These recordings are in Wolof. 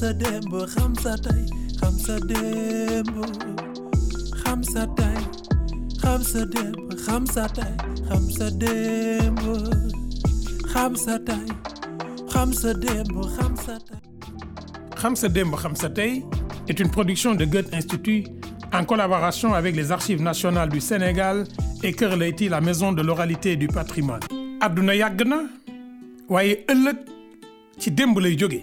sa démb xam sa tey xam sa démb xam xam sa démb xam production de Goethe Institut en collaboration avec les Archives nationales du Sénégal et Kër Leyti la maison de l'oralité et du patrimoine. àdduna yàgg na waaye ëllëg ci démb lay jóge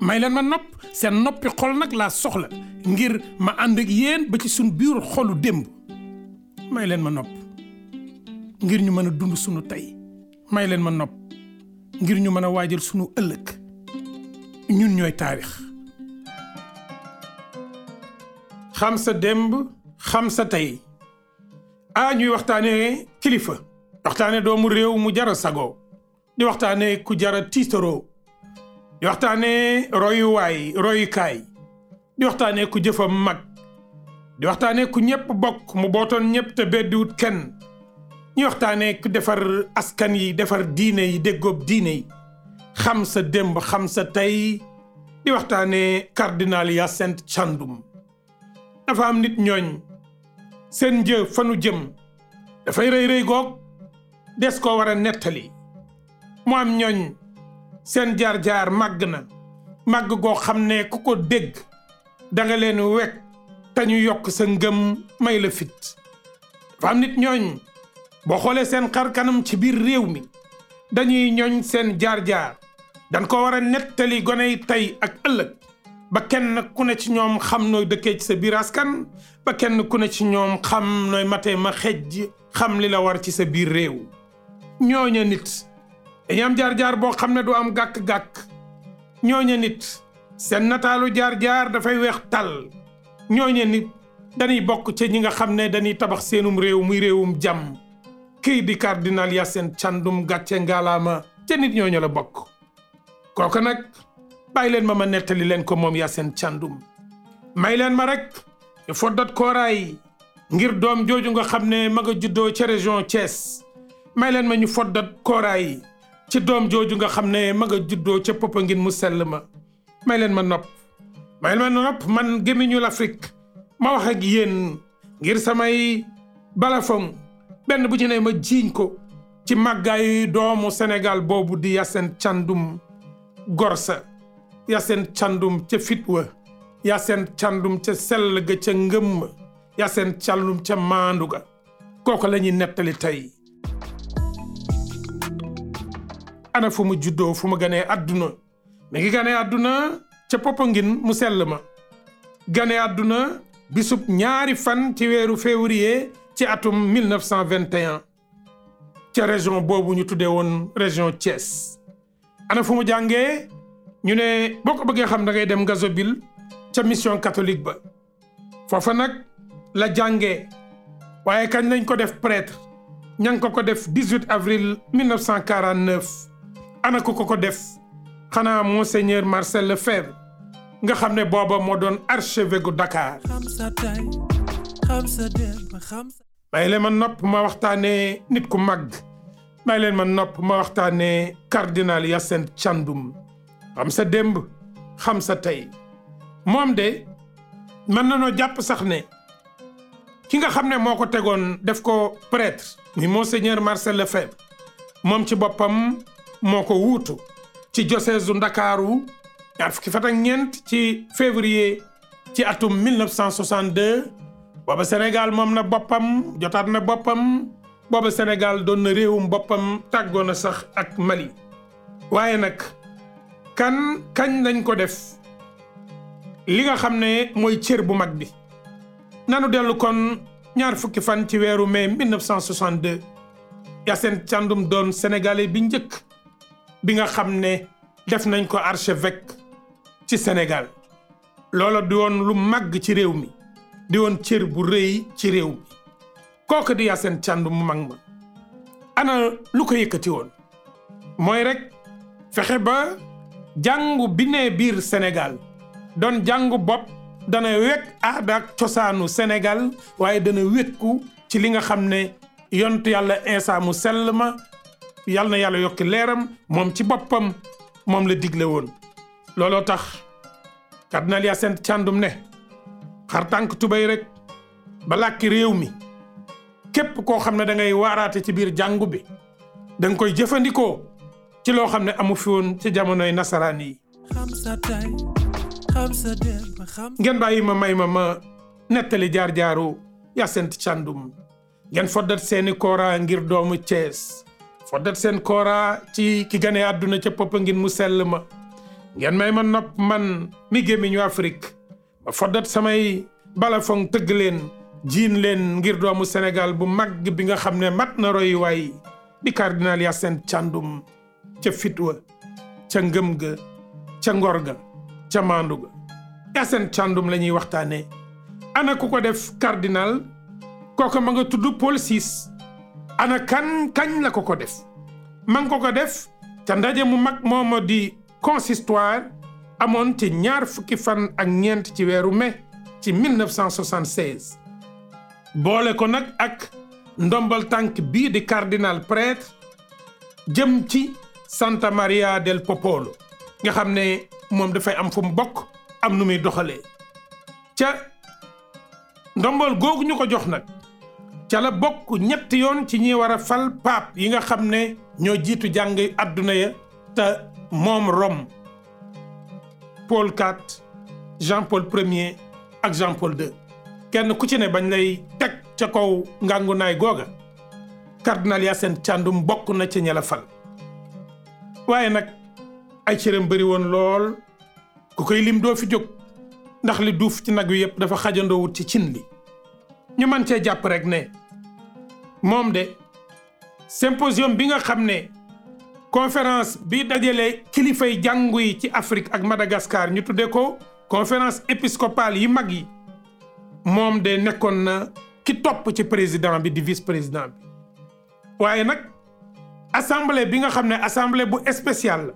may leen ma nopp seen noppi xol nag laa soxla ngir ma ànd ak yéen ba ci suñ biir xolu démb may leen ma nopp ngir ñu mën a dund sunu tey may leen ma nopp ngir ñu mën a waajal sunu ëllëg ñun ñooy taarix xam sa démb xam sa tey a ñuy waxtaanee kilifa waxtaane doomu réew mu jar a sago di waxtaane ku jar jara tiitaroo di waxtaanee royuwaay royukaay di waxtaanee ku jëfam mag di waxtaanee ku ñëpp bokk mu bootoon ñëpp te beddiwut kenn ñu waxtaanee ku defar askan yi defar diine yi déggoob diine yi xam sa démb xam sa tey di waxtaanee cardinal Hyacinthe Thiandoum dafa am nit ñooñ seen jë fanu jëm dafay rëy rëy goog des ko war a nettali mu am ñooñ seen jaar-jaar màgg na màgg goo xam ne ku ko dégg danga leen wekk te yokk sa ngëm may la fit dafa am nit ñooñ boo xoolee seen xar kanam ci biir réew mi dañuy ñoñ seen jaar-jaar dañ ko war a nettali gone yi tey ak ëllëg ba kenn ku ne ci ñoom xam nooy dëkkee ci sa biir askan ba kenn ku ne ci ñoom xam nooy matee ma xejj xam li war ci sa biir réew ñooña nit dañuy am jaar-jaar boo xam ne du am gàkk-gàkk ñooñe nit seen nataalu jaar-jaar dafay weex tàll ñooñe nit dañuy bokk ca ñi nga xam ne dañuy tabax seenum réew muy réewum jàmm kii di cardinal Hyacinthe Thiandoum gàcce ngaalaama ca nit ñooñu la bokk kooku nag bay leen ma ma nettali leen ko moom ya seen Thiandoum may leen ma rek ñu foddat kooraay ngir doom jooju nga xam ne ma nga juddoo ca région Thiès may leen ma ñu foddat kooraay ci doom jooju nga xam ne ma nga juddoo ca Popenguine mu sell ma may leen ma nopp may leen ma nopp man gémmiñu l'Afrique ma wax ak yéen ngir samay balafon benn bu ci ma jiiñ ko ci màggaayu doomu senegal boobu di Yacine candum Gorsa Yacine Thiandoum ca fitwa Yacine candum ca sell ga ca ngëm Yacine Thiandoum ca maandu ga kooku la ñuy nettali tey ana fu mu juddoo fu mu ganee adduna mi ngi ganee adduna ca Popenguine mu sell ma gane adduna bisub ñaari fan ci weeru février ci atum 1921 ca région boobu ñu tuddee woon région Thiès ana fu mu jàngee ñu ne boo ko bëggee xam dangay ngay dem Gazobile ca mission catholique ba foofa nag la jànge waaye kañ lañ ko def prêtre ña ngi ko ko def 18 avril 1949 ana ko ko ko def xanaa monseigneur Marcel Lefebvre nga xam ne booba moo doon archevêque gu Dakar. may leen ma nopp ma waxtaanee nit ku màgg may leen ma nopp ma waxtaanee cardinal Hyacinthe Thiandoum xam sa démb xam sa tey moom de mën nañoo jàpp sax ne ki nga xam ne moo ko tegoon def ko prêtre muy monseigneur Marcel Lefebvre moom ci boppam. moo ko wuutu ci diocèse Ndakaaru ñaar fukki fan ak ñeent ci février ci atum 1962 booba Sénégal moom na boppam jotaat na boppam booba Sénégal doon na réewum boppam tàggoo na sax ak Mali waaye nag kan kañ lañ ko def li nga xam ne mooy cër bu mag bi nanu dellu kon ñaar fukki fan ci weeru mai 1962 Yacine Thiandoum doon sénégalais bi njëkk bi nga xam ne def nañ ko archevêque ci Sénégal loola di woon lu màgg ci réew mi di woon cër bu rëy ci réew mi kooku di Yacine Thiandoum mu mag ma ana lu ko yëkkati woon mooy rek fexe ba jàngu bi biir Sénégal doon jàngu bopp dana wekk aada ak cosaanu Sénégal waaye dana wekku ci li nga xam ne yontu yàlla Insa mu sell ma yal na yàlla yokk leeram moom ci boppam moom la digle woon looloo tax cardinal Hyacinthe Thiandoum ne xar tànk tubéy rek ba làkki réew mi képp koo xam ne da ngay waaraate ci biir jàngu bi danga koy jëfandikoo ci loo xam ne amu fi woon ci jamonoy nasaraan yi ngeen bàyyi ma may ma ma nettali jaar-jaaru Hyacinthe Thiandoum ngeen foddat seeni koora ngir doomu Cees foddat seen koora ci ki gane àdduna ca Popenguine mu sell ma ngeen may ma nopp man mi gémmiñu Afrique ba foddat samay balafong tëgg leen jiin leen ngir doomu Sénégal bu mag bi nga xam ne mat na royuwaay di cardinal Hyacinthe Thiandoum ca fitwa ca ngëm ga ca ngor ga ca maandu ga Hyacinthe Thiandoum la ñuy waxtaanee ana ko def cardinal kooka ma nga tudd Paul VI ana kan kañ la ko ko def ma ngi ko ko def ca ndaje mu mag mooma di consistoire amoon ci ñaar fukki fan ak ñeent ci weeru mai ci 1976 boole ko nag ak ndombal tànk bii di cardinal prêtre jëm ci Santa Maria del Popolo nga xam ne moom dafay am fu mu bokk am nu muy doxalee ca ndombal googu ñu ko jox nag cala la bokk ñetti yoon ci ñi war a fal paap yi nga xam ne ñoo jiitu jàng adduna ya te moom Rome Paul IV Jean Paul premier ak Jean Paul II kenn ku ci ne bañ lay teg ca kaw ngàngunaay googa cardinal Hyacinthe Thiandoum bokk na ca ña la fal waaye nag ay cëram bëri woon lool ku koy lim doo fi jóg ndax li duuf ci nag wi yëpp dafa xajandoowut ci cin li ñu mën cee jàpp rek ne moom de symposium bi nga xam ne conférence bi dajale kilifay jàngu yi ci Afrique ak Madagascar ñu tuddee ko conférence épiscopale yi mag yi moom de nekkoon na ki topp ci président bi di vis président bi waaye nag assemblée bi nga xam ne assemblée bu spéciale la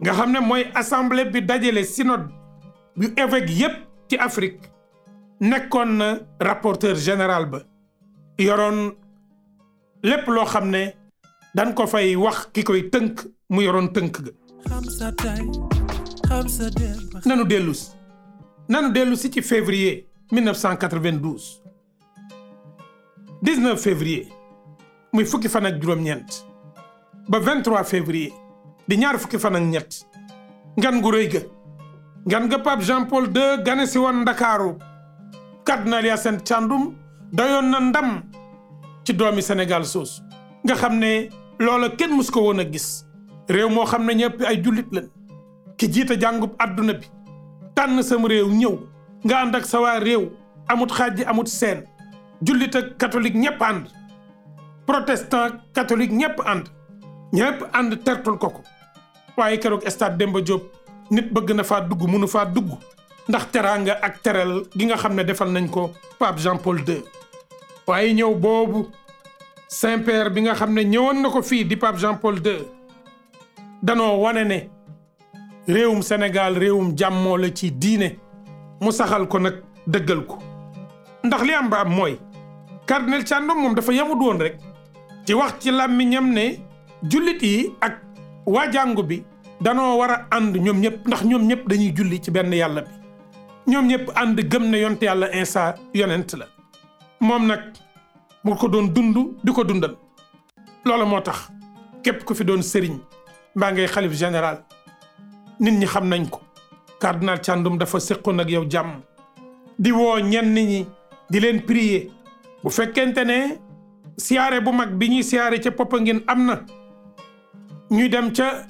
nga xam ne mooy assemblée bi dajale synode yu évêque yépp ci Afrique nekkoon na rapporteur général ba yoroon lépp loo xam ne dañ ko fay wax ki koy tënk mu yoroon tënk ga nanu dellu si nanu dellu si ci février 1992 19 février muy fukki fan ak juróom-ñeent ba 23 février di ñaar fukki fan ak ñett ngan gu rëy ga ngan ga Pape Jean Paul II gane si woon Ndakaaru cardinal Hyacinthe Thiandoum dayoon na ndam ci doomi Sénégal soosu nga xam ne loola kenn mus ko woon a gis réew moo xam ne ñëpp ay jullit lañ ki jiita jàngub àdduna bi tànn sam réew ñëw nga ànd ak sa réew amut xaaj ji amut seen jullit katolik catholique ñëpp ànd protestant catholique ñëpp ànd ñëpp ànd tertul ko ko waaye keroog stade Demba Diop nit bëgg na faa dugg mënu faa dugg ndax teraanga ak teral gi nga xam ne defal nañ ko pape Jean waaye ñëw boobu Saint-Père bi nga xam ne ñëwoon na ko fii di pape Jean Paul II danoo wane ne réewum Sénégal réewum jàmmoo la ci diine mu saxal ko nag dëggal ko ndax li am ba am mooy cardinal Thiandoum moom dafa yamut woon rek ci wax ci làmmiñam ne jullit yi ak waa jàngu bi danoo war a ànd ñoom ñëpp ndax ñoom ñëpp dañuy julli ci benn yàlla bi ñoom ñëpp ànd gëm ne yonent yàlla Isa yonent la moom nag mu ko doon dund di ko dundal loolu moo tax képp ku fi doon sëriñ mbaa ngay xalif général nit ñi xam nañ ko cardinal Thiandoum dafa séqoon nag yow jàmm di woo ñenn ñi di leen prier bu fekkente ne siyaare bu mag bi ñuy siyaare ca Popenguine am na ñuy dem ca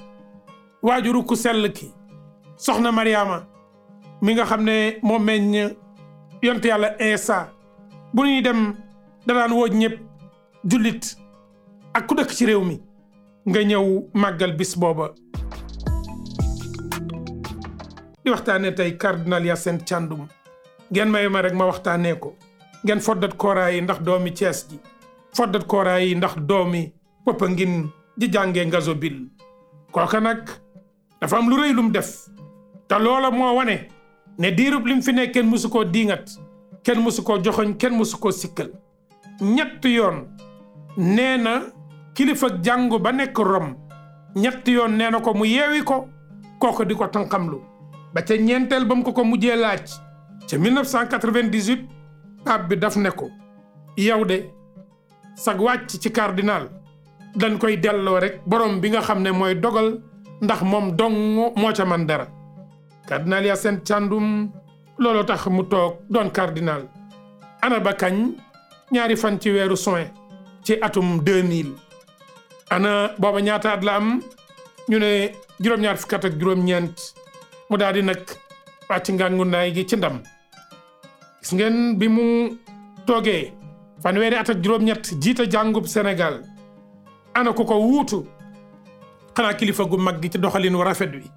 waajuru ku sell ki soxna Mariama mi nga xam ne moo meññ yont yàlla insa bu ñuy dem danaan wooj ñëpp jullit ak ku dëkk ci réew mi nga ñëw màggal bis booba di waxtaane tey cardinal Hyacinthe Thiandoum ngeen may ma rek ma waxtaanee ko ngeen foddat kooraa yi ndax doomi Cees ji foddat kooraa yi ndax doomi Popenguine ji jàngee Ngazobil kooka nag dafa am lu rëy lum def te loola moo wane ne diirub lim fi ne kenn mësu koo diingat kenn mësu koo joxoñ kenn mësu koo sikkal ñett yoon nee na kilifa jàngu ba nekk Rome ñett yoon nee na ko mu yeewi ko kooku di ko tànqamlu ba ca ñeenteel ba mu ko ko mujjee laaj ca 1998 pape bi daf ne ko yow de sag wàcc ci cardinal dañ koy delloo rek borom bi nga xam ne mooy dogal ndax moom dong moo ca man dara cardinal seen Thiandoum looloo tax mu toog doon cardinal ana ba kañ ñaari fan ci weeru juin ci atum 2000 ana booba ñaata at la am ñu ne juróom-ñaar fukk juróom-ñeent mu daal di nag wàcc ngàngu naay gi ci ndam gis ngeen bi mu toogee fan fanweeri at ak juróom-ñett jiite jàngub Sénégal ana ko wuutu xanaa kilifa gu mag gi ci doxalin wu rafet wi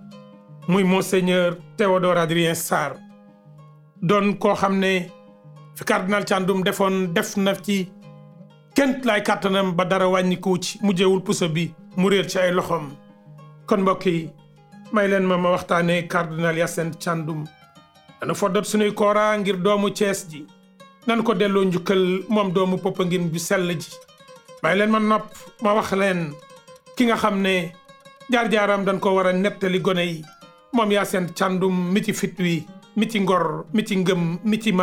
muy monseigneur Théodore Adrien Sarr doon koo xam ne fi cardinal Thiandoum defoon def na ci kent lay kàttanam ba dara wàññiku ci mujjewul puso bi mu réer ci ay loxoom kon mbokk yi may leen ma ma waxtaanee cardinal Hyacinthe Thiandoum dana foddat sunuy kooraa ngir doomu Cees ji nan ko delloo njukkal moom doomu Popenguine bi sell ji may leen ma nopp ma wax leen ki nga xam ne jaar-jaaram dañ ko war a nettali gone yi moom yaa seen càndum mi ci fit ngor mi ci ngëm mi ci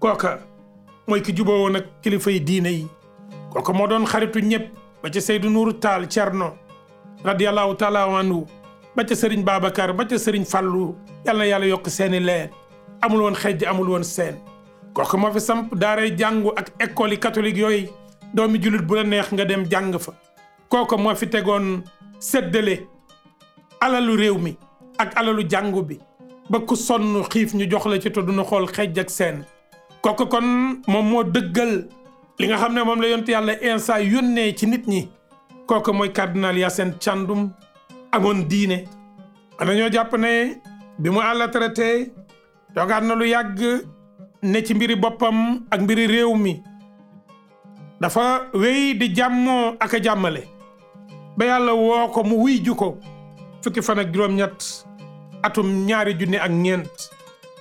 kooka mooy ki juboo woon ak kilifay diina yi kooka moo doon xaritu ñëpp ba ca Seydou Nourou Taal Thierno radiyallahu taala anhu ba ca Serigne Babacar ba ca Serigne Fallou yàlla na yàlla yokk seeni leen amul woon xejj amul woon seen kooka moo fi samp daaray jàngu ak école yi catholique yooyu doomi jullit bu la neex nga dem jàng fa kooka moo fi tegoon séddale alalu réew mi ak alalu jàngu bi ba ku sonn xiif ñu jox la ci te duñu xool xejj ak seen kooku kon moom moo dëggal li nga xam ne moom la yonent yàlla Insa yónnee ci nit ñi kooku mooy cardinal Hyacinthe candum amoon diine. ñoo jàpp ne bi mu àlla traité toogaat lu yàgg ne ci mbiri boppam ak mbiri réew mi dafa wéy di jàmmoo ak a jàmmale ba yàlla woo mu wuy ju fukki fan ak ñett atum ñaari junne ak ñeent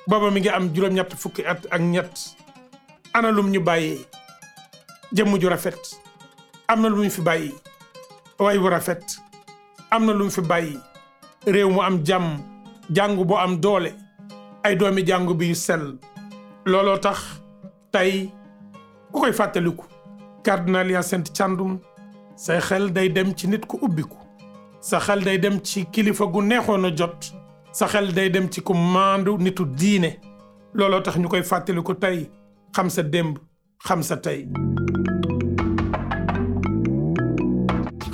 booba mi ngi am juróom-ñett fukki at ak ñett ana lum ñu bàyyi jëmm ju rafet am na lu mu fi bàyyi way wu rafet am na lu mu fi bàyyi réew mu am jàmm jàngu boo am doole ay doomi jàngu bi yu sell looloo tax tey ku koy fàttaliku cardinal Hyacinthe candum say xel day dem ci nit ku ubbiku sa xel day dem ci kilifa gu neexoon a jot sa xel day dem ci ku maandu nitu diine looloo tax ñu koy fàttali ko tey xam sa démb xam sa tey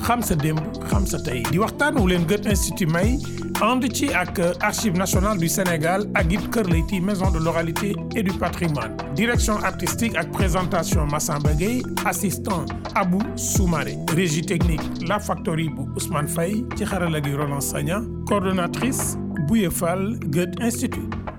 xam sa démb xam sa tey di waxtaan wu leen Goethe Institut may ànd ci ak Archives nationales du Sénégal ak it Kër Leyti maison de l'oralité et du patrimoine direction artistique ak présentation Massamba Gueye assistant Abou Soumaré régie technique La Factory bu Ousmane fay ci xarala gi Roland Sagna Bouye Fall Goethe Institut